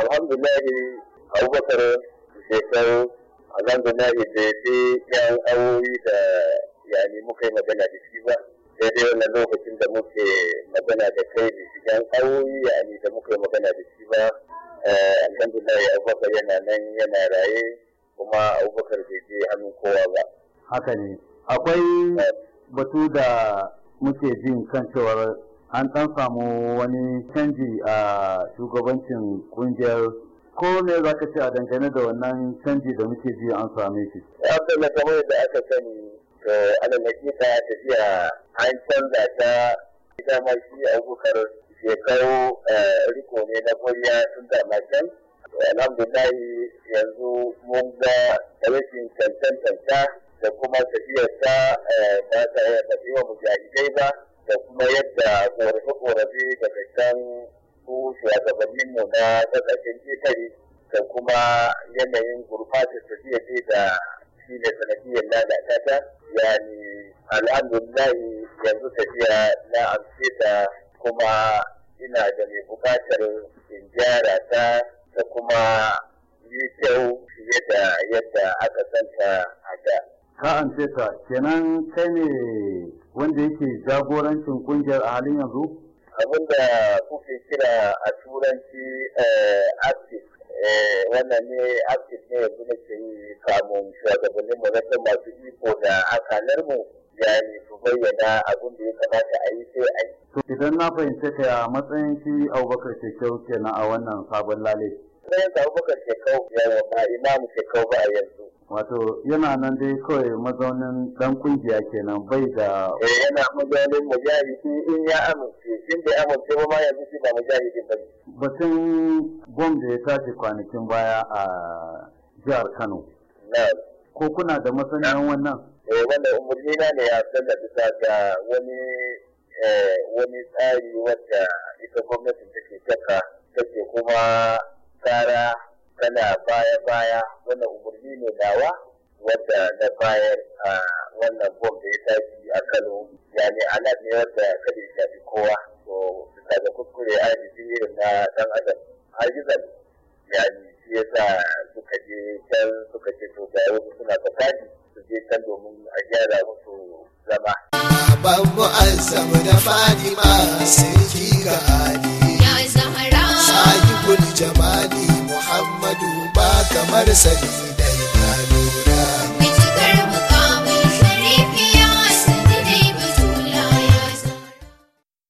alhamdulillah abubakar shekaru alhamdulillah da fi yan awoyi da yani muka yi magana da shi ba sai dai wannan lokacin da muke magana da kai da shi yan awoyi yani da muka yi magana da shi ba eh, alhamdulillah abubakar yana nan yana raye kuma abubakar bai je hannun kowa ba haka ne akwai eh. batu da muke jin kan cewar an ɗan samu wani canji a shugabancin ƙungiyar ko ne za ka ce a dangane da wannan canji da muke ji an same shi. Ya na kamar da aka sani to alal hakika tafiya an canza ta ita ma shi abubakar shekaru eh, riko ne na koriya sun da can. alhamdulahi yanzu mun ga rashin cancanta da kuma tafiyar ta eh, ba ta yi wa mujahidai ba. da kuma yadda korafe-korafe daga kan su mu na kasashen ƙetare da kuma yanayin su fiye-fiye da shi ne sanadiyar lalata ta yani alhamdulillahi yanzu tafiya na amshe ta kuma ina da mai buƙatar in gyara ta da kuma yi kyau fiye da yadda aka santa a da. ka amce ta kenan kai ne wanda yake jagorancin kungiyar a halin yanzu abin da kuke kira a turanci eh, artist eh, wannan ne artist ne yanzu ke yi kamun shugabannin mu na masu iko da akalar mu yi su bayyana abin da ya kamata a yi sai a yi. Idan na fahimce ka a matsayin shi Abubakar Shekau kenan a wannan sabon lale. Sai yanzu Abubakar Shekau ya ba imamu Shekau ba a yanzu. wato yana nan dai kawai mazaunin dan kungiya kenan bai da eh yana mazaunin mujahidi in ya amince in bai amince ba ma ya shi ba mujahidi ba batun bom da ya tashi kwanakin baya a jihar Kano ko kuna da masaniyan wannan eh wanda umurni na ne ya sanar bisa ga wani eh, wani tsari wanda ita gwamnati take saka take kuma tsara Kana baya-baya wannan umarni ne dawa wadda na bayar a wannan bom da ya tashi a kano Ya ne ana ne wadda kada ya shafi kowa to ta da kuskure a irin na dan adam ya ne shi sa suka je can suka ce to ga wasu suna tsakani su je can domin a gyara musu zama. Ban mu'azzamu da fadi ma sai ki ga Ya zahara. Sai jamali. muhammadu ba kamar sani da imanu